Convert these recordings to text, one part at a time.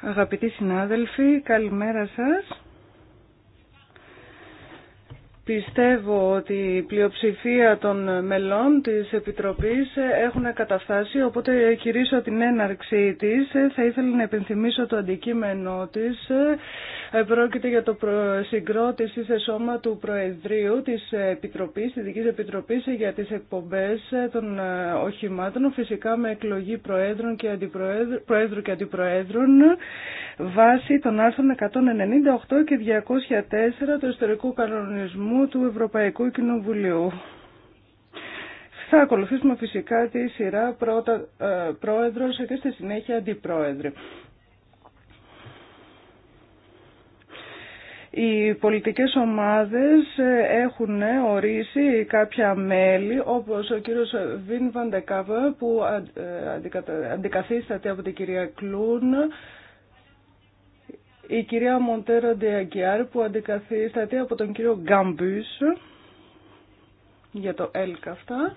Αγαπητοί συνάδελφοι, καλημέρα σας. Πιστεύω ότι η πλειοψηφία των μελών της Επιτροπής έχουν καταφτάσει, οπότε κηρύσω την έναρξή της. Θα ήθελα να επενθυμίσω το αντικείμενό της. Πρόκειται για το συγκρότηση σε σώμα του Προεδρείου της Επιτροπής, της Δικής Επιτροπής για τις εκπομπές των οχημάτων, φυσικά με εκλογή Προέδρων και Αντιπροέδρου, Προέδρου και Αντιπροέδρων, βάσει των άρθρων 198 και 204 του ιστορικού κανονισμού του Ευρωπαϊκού Κοινοβουλίου. Θα ακολουθήσουμε φυσικά τη σειρά πρώτα, ε, πρόεδρος και στη συνέχεια αντιπρόεδρε. Οι πολιτικές ομάδες ε, έχουν ορίσει κάποια μέλη, όπως ο κύριος Βιν Βαντεκάβα που ε, αντικαθίσταται από την κυρία Κλούν, η κυρία Μοντέρο Ντεαγκιάρ που αντικαθίσταται από τον κύριο Γκάμπους για το ΕΛΚ αυτά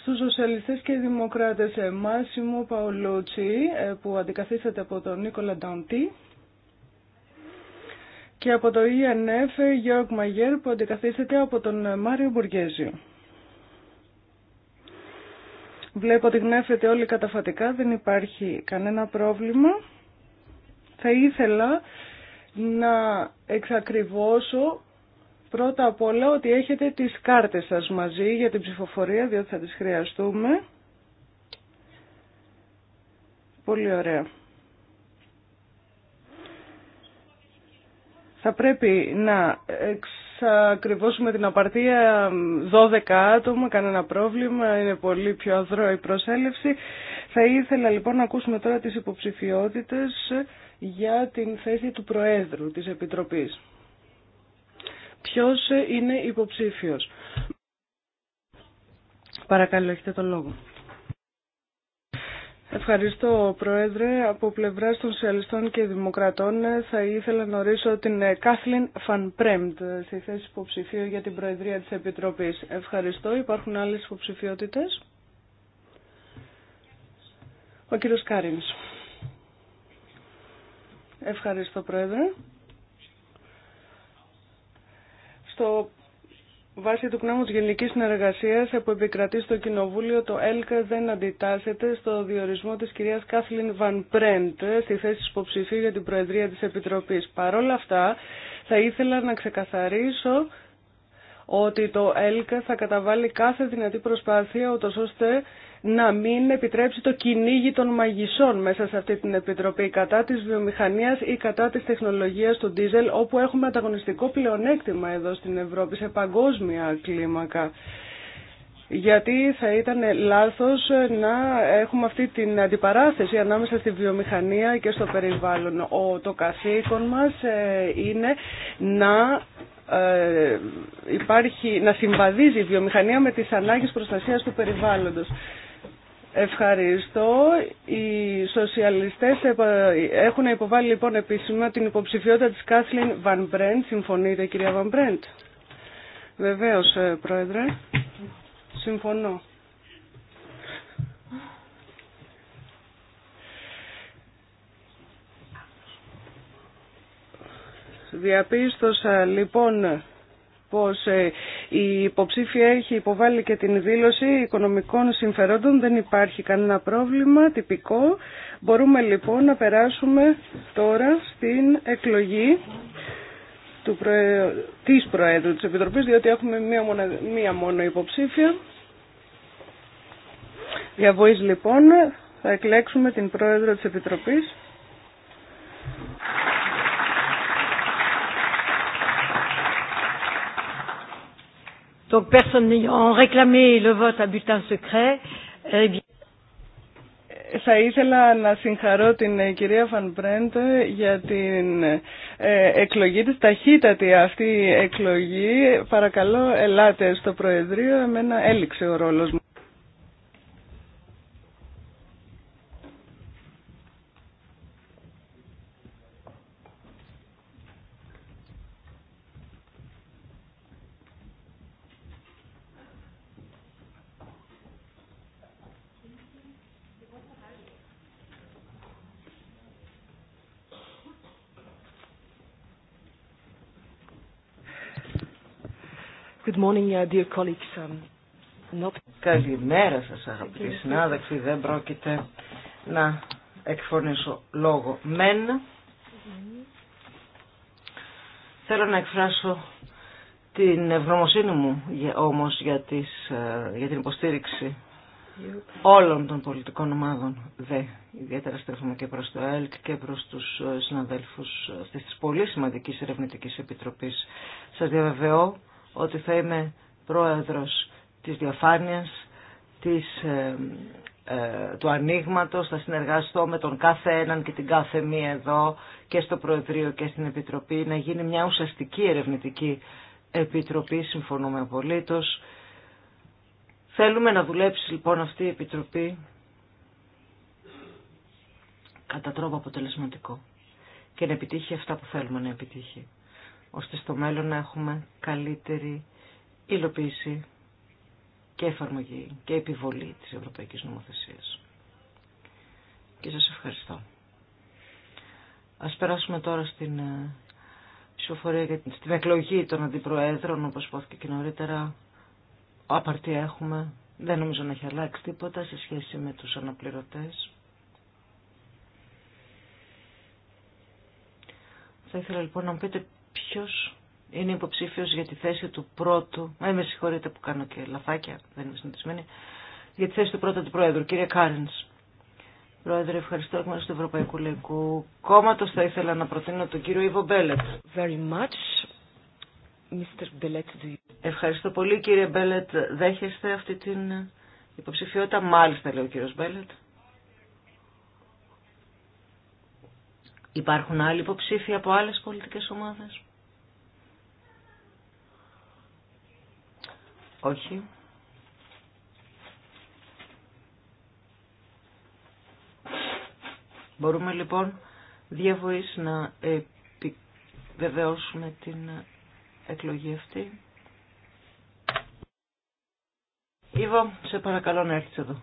στους σοσιαλιστέ και δημοκράτες Μάσιμο Παολούτσι ε, που αντικαθίσταται από τον Νίκολα Ντάντι και από το ΙΕΝΕΦ Γιώργ Μαγέρ που αντικαθίσταται από τον Μάριο Μπουργέζιο. Βλέπω ότι γνέφεται όλοι καταφατικά, δεν υπάρχει κανένα πρόβλημα. Θα ήθελα να εξακριβώσω πρώτα απ' όλα ότι έχετε τις κάρτες σας μαζί για την ψηφοφορία, διότι θα τις χρειαστούμε. Πολύ ωραία. Θα πρέπει να εξακριβώσουμε την απαρτία 12 άτομα, κανένα πρόβλημα, είναι πολύ πιο αδρό η προσέλευση. Θα ήθελα λοιπόν να ακούσουμε τώρα τις υποψηφιότητες για την θέση του Προέδρου της Επιτροπής. Ποιος είναι υποψήφιος. Παρακαλώ, έχετε τον λόγο. Ευχαριστώ, Πρόεδρε. Από πλευρά των Σοσιαλιστών και Δημοκρατών θα ήθελα να ορίσω την Κάθλιν Φαν Πρέμπτ στη θέση υποψηφίου για την Προεδρία της Επιτροπής. Ευχαριστώ. Υπάρχουν άλλες υποψηφιότητες. Ο κύριος Κάρινς. Ευχαριστώ Πρόεδρε. Στο βάση του της γενικής συνεργασίας που επικρατεί στο Κοινοβούλιο το ΕΛΚΑ δεν αντιτάσσεται στο διορισμό της κυρίας Κάθλιν Βαν Πρέντ στη θέση της υποψηφίου για την Προεδρία της Επιτροπής. Παρόλα αυτά θα ήθελα να ξεκαθαρίσω ότι το ΕΛΚΑ θα καταβάλει κάθε δυνατή προσπάθεια ούτως ώστε να μην επιτρέψει το κυνήγι των μαγισσών μέσα σε αυτή την Επιτροπή κατά της βιομηχανίας ή κατά της τεχνολογίας του ντίζελ όπου έχουμε ανταγωνιστικό πλεονέκτημα εδώ στην Ευρώπη σε παγκόσμια κλίμακα γιατί θα ήταν λάθος να έχουμε αυτή την αντιπαράθεση ανάμεσα στη βιομηχανία και στο περιβάλλον. Ο, το καθήκον μας ε, είναι να, ε, υπάρχει, να συμβαδίζει η βιομηχανία με τις ανάγκες προστασίας του περιβάλλοντος. Ευχαριστώ. Οι σοσιαλιστές έχουν υποβάλει λοιπόν επίσημα την υποψηφιότητα της Κάθλιν Βαν Μπρέντ. Συμφωνείτε κυρία Βαν Μπρέντ. Βεβαίως ε, πρόεδρε. Συμφωνώ. Διαπίστωσα λοιπόν πως ε, η υποψήφια έχει υποβάλει και την δήλωση οικονομικών συμφερόντων. Δεν υπάρχει κανένα πρόβλημα τυπικό. Μπορούμε λοιπόν να περάσουμε τώρα στην εκλογή του της Προέδρου της Επιτροπής, διότι έχουμε μία, μία μόνο υποψήφια. Για λοιπόν θα εκλέξουμε την Πρόεδρο της Επιτροπής. Donc personne n'ayant réclamé le vote à bulletin secret, euh, eh bien... Θα ήθελα να συγχαρώ την ε, κυρία Φαν Μπρέντ για την ε, εκλογή της, ταχύτατη αυτή εκλογή. Παρακαλώ, ελάτε στο Προεδρείο, εμένα έληξε ο ρόλος μου. Good morning, uh, dear colleagues. Um, not... Καλημέρα σας αγαπητοί συνάδελφοι, δεν πρόκειται να εκφωνήσω λόγο μεν. Θέλω να εκφράσω την ευγνωμοσύνη μου όμως για, τις, ε, για την υποστήριξη όλων των πολιτικών ομάδων δε. Ιδιαίτερα στρέφουμε και προς το ΕΛΚ και προς τους ε, συναδέλφους αυτής της πολύ σημαντικής ερευνητικής επιτροπής. Σας διαβεβαιώ ότι θα είμαι πρόεδρος της διαφάνειας, της, ε, ε του ανοίγματο, θα συνεργαστώ με τον κάθε έναν και την κάθε μία εδώ και στο Προεδρείο και στην Επιτροπή να γίνει μια ουσιαστική ερευνητική επιτροπή, συμφωνούμε απολύτως. Θέλουμε να δουλέψει λοιπόν αυτή η επιτροπή κατά τρόπο αποτελεσματικό και να επιτύχει αυτά που θέλουμε να επιτύχει ώστε στο μέλλον να έχουμε καλύτερη υλοποίηση και εφαρμογή και επιβολή της Ευρωπαϊκής Νομοθεσίας. Και σας ευχαριστώ. Ας περάσουμε τώρα στην ε, ψηφοφορία για την εκλογή των αντιπροέδρων, όπως υπόθηκε και νωρίτερα. Απαρτία έχουμε. Δεν νομίζω να έχει αλλάξει τίποτα σε σχέση με τους αναπληρωτές. Θα ήθελα λοιπόν να μου πείτε Ποιος είναι υποψήφιος για τη θέση του πρώτου... Ε, με συγχωρείτε που κάνω και λαφάκια, δεν είμαι συνηθισμένη. Για τη θέση του πρώτου του Πρόεδρου, κύριε Κάριν. Πρόεδρε, ευχαριστώ εκ μέρους του Ευρωπαϊκού Λαϊκού Κόμματος. Θα ήθελα να προτείνω τον κύριο Ιβο Μπέλετ. Very much. Mr. Bellet. Ευχαριστώ πολύ κύριε Μπέλετ. Δέχεστε αυτή την υποψηφιότητα. Μάλιστα λέει ο κύριος Μπέλετ. Υπάρχουν άλλοι υποψήφοι από άλλες πολιτικές ομάδες. Όχι. Μπορούμε λοιπόν διαβοής να επιβεβαιώσουμε την εκλογή αυτή. Ήβο, σε παρακαλώ να έρθεις εδώ,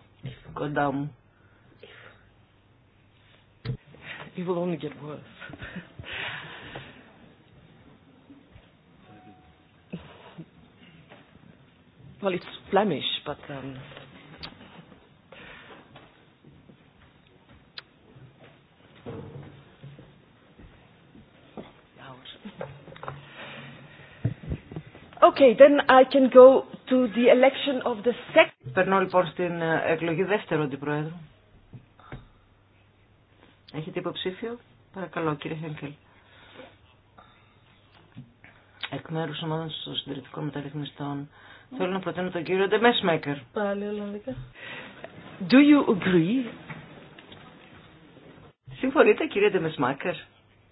κοντά μου. it will only get worse. well, it's Flemish, but. Um, Okay, then I can go to the election of the second. Περνώ λοιπόν στην εκλογή δεύτερου αντιπρόεδρου. Έχετε υποψήφιο. Παρακαλώ κύριε Χένκελ. Εκ μέρους ομάδας των συντηρητικών μεταρρυθμιστών θέλω να προτείνω τον κύριο Ντεμέσμέκερ. Πάλι Ολλανδικά. Do you agree? Συμφωνείτε κύριε Ντεμεσμέκερ.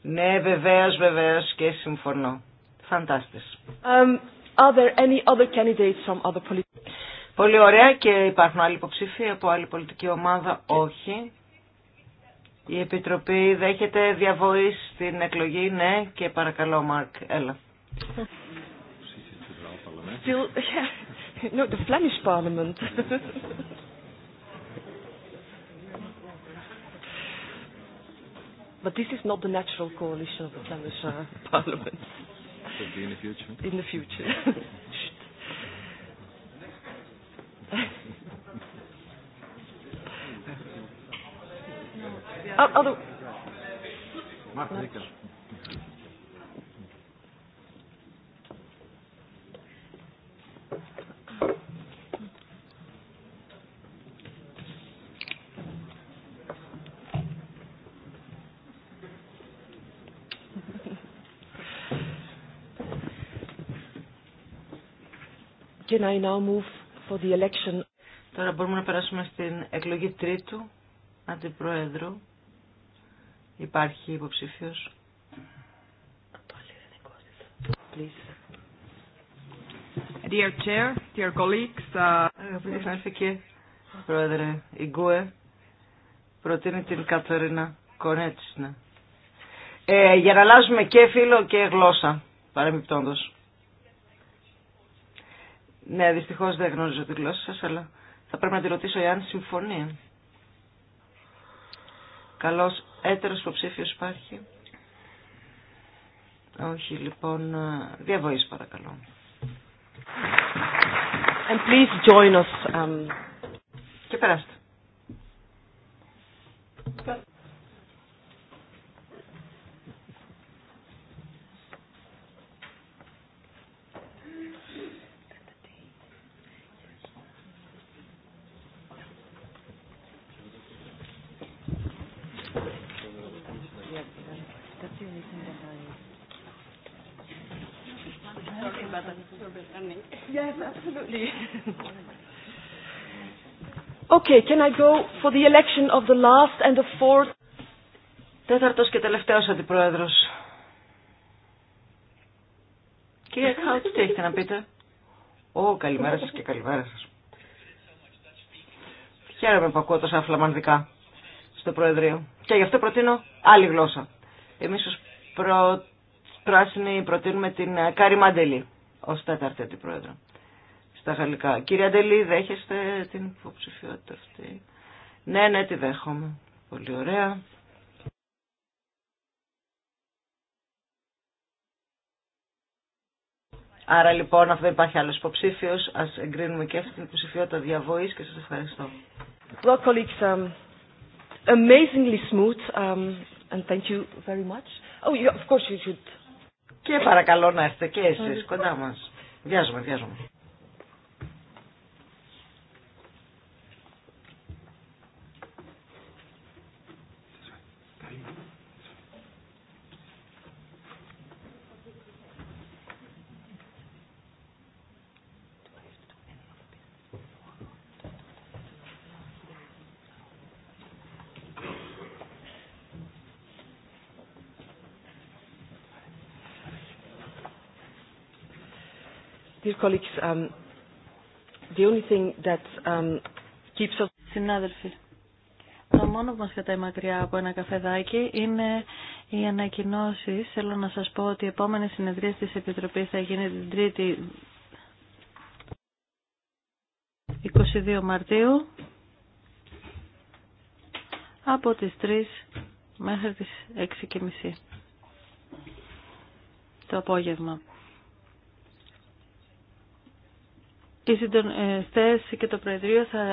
Ναι βεβαίως βεβαίως και συμφωνώ. Φαντάστες. Um, are there any other candidates from other political... Πολύ ωραία και υπάρχουν άλλοι υποψήφοι από άλλη πολιτική ομάδα. Όχι. Η Επιτροπή δέχεται διαβοή στην εκλογή, ναι, και παρακαλώ Μάρκ, έλα. No, the Flemish Parliament. But this is not the natural coalition of the Flemish Parliament. In the future. In the future. Can I now move for the election? Τώρα μπορούμε να περάσουμε στην εκλογή τρίτου αντιπρόεδρου. Υπάρχει υποψήφιο. Dear Chair, dear colleagues, uh, Πρόεδρε, η Γκουε προτείνει την Κατερίνα Κονέτσινα. Ε, για να αλλάζουμε και φίλο και γλώσσα, παρεμπιπτόντως. Ναι, δυστυχώς δεν γνωρίζω τη γλώσσα σας, αλλά θα πρέπει να τη ρωτήσω εάν συμφωνεί. Καλός έτερος υποψήφιο υπάρχει. Όχι, λοιπόν, διαβοής παρακαλώ. And please join us. Um... Και περάστε. absolutely. Okay, can I go for the election of the last and the fourth? Τέταρτος και τελευταίος αντιπρόεδρος. Κύριε Χάουτ, τι έχετε να πείτε. Ω, καλημέρα σας και καλημέρα σας. Χαίρομαι που ακούω τόσα φλαμανδικά στο Προεδρείο. Και γι' αυτό προτείνω άλλη γλώσσα. Εμείς ως πράσινοι προτείνουμε την ε, Κάρι Μαντελή ως τέταρτη αντιπρόεδρο στα γαλλικά. Κύριε Αντελή, δέχεστε την υποψηφιότητα αυτή. Ναι, ναι, τη δέχομαι. Πολύ ωραία. Άρα λοιπόν, αφού δεν υπάρχει άλλος υποψήφιος, ας εγκρίνουμε και αυτή την υποψηφιότητα διαβοής και σας ευχαριστώ. Well, colleagues, um, amazingly smooth, um, and thank you very much. Oh, of course you should. Και παρακαλώ να έρθετε και εσείς κοντά μας. Βιάζομαι, βιάζομαι. Dear colleagues, um, the only thing that um, keeps us... Συνάδελφοι, το μόνο που μας κρατάει μακριά από ένα καφεδάκι είναι οι ανακοινώσει. Θέλω να σας πω ότι η επόμενη συνεδρία της Επιτροπής θα γίνει την 3η 22 Μαρτίου από τις 3 μέχρι τις 6.30 το απόγευμα. Οι συντονιστές και το Προεδρείο θα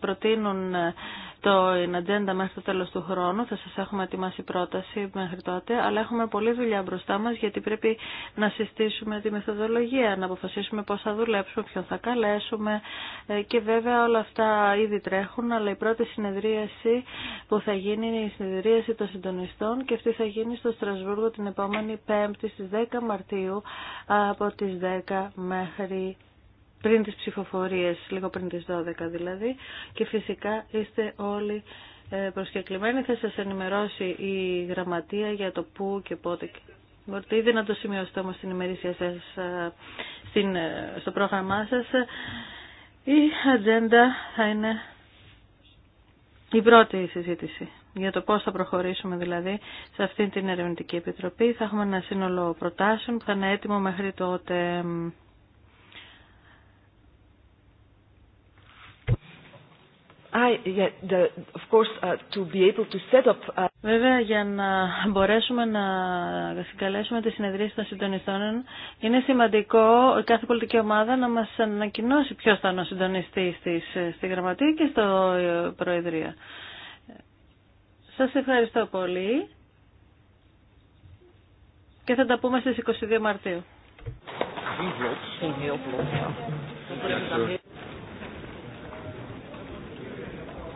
προτείνουν ε, το ατζέντα μέχρι το τέλος του χρόνου. Θα σας έχουμε ετοιμάσει πρόταση μέχρι τότε, αλλά έχουμε πολλή δουλειά μπροστά μας γιατί πρέπει να συστήσουμε τη μεθοδολογία, να αποφασίσουμε πώς θα δουλέψουμε, ποιον θα καλέσουμε ε, και βέβαια όλα αυτά ήδη τρέχουν, αλλά η πρώτη συνεδρίαση που θα γίνει είναι η συνεδρίαση των συντονιστών και αυτή θα γίνει στο Στρασβούργο την επόμενη Πέμπτη στις 10 Μαρτίου από τις 10 μέχρι πριν τις ψηφοφορίες, λίγο πριν τις 12 δηλαδή. Και φυσικά είστε όλοι ε, προσκεκλημένοι. Θα σας ενημερώσει η γραμματεία για το πού και πότε. Μπορείτε ήδη να το σημειώσετε όμως στην ημερήσια σας, ε, στο πρόγραμμά σας. Η ατζέντα θα είναι η πρώτη συζήτηση για το πώς θα προχωρήσουμε δηλαδή σε αυτήν την Ερευνητική Επιτροπή. Θα έχουμε ένα σύνολο προτάσεων που θα είναι έτοιμο μέχρι τότε. Βέβαια για να μπορέσουμε να συγκαλέσουμε τη συνεδρίαση των συντονιστών είναι σημαντικό κάθε πολιτική ομάδα να μας ανακοινώσει ποιος θα είναι ο συντονιστής της, ε, στη Γραμματεία και στο ε, Προεδρία. Σας ευχαριστώ πολύ και θα τα πούμε στις 22 Μαρτίου.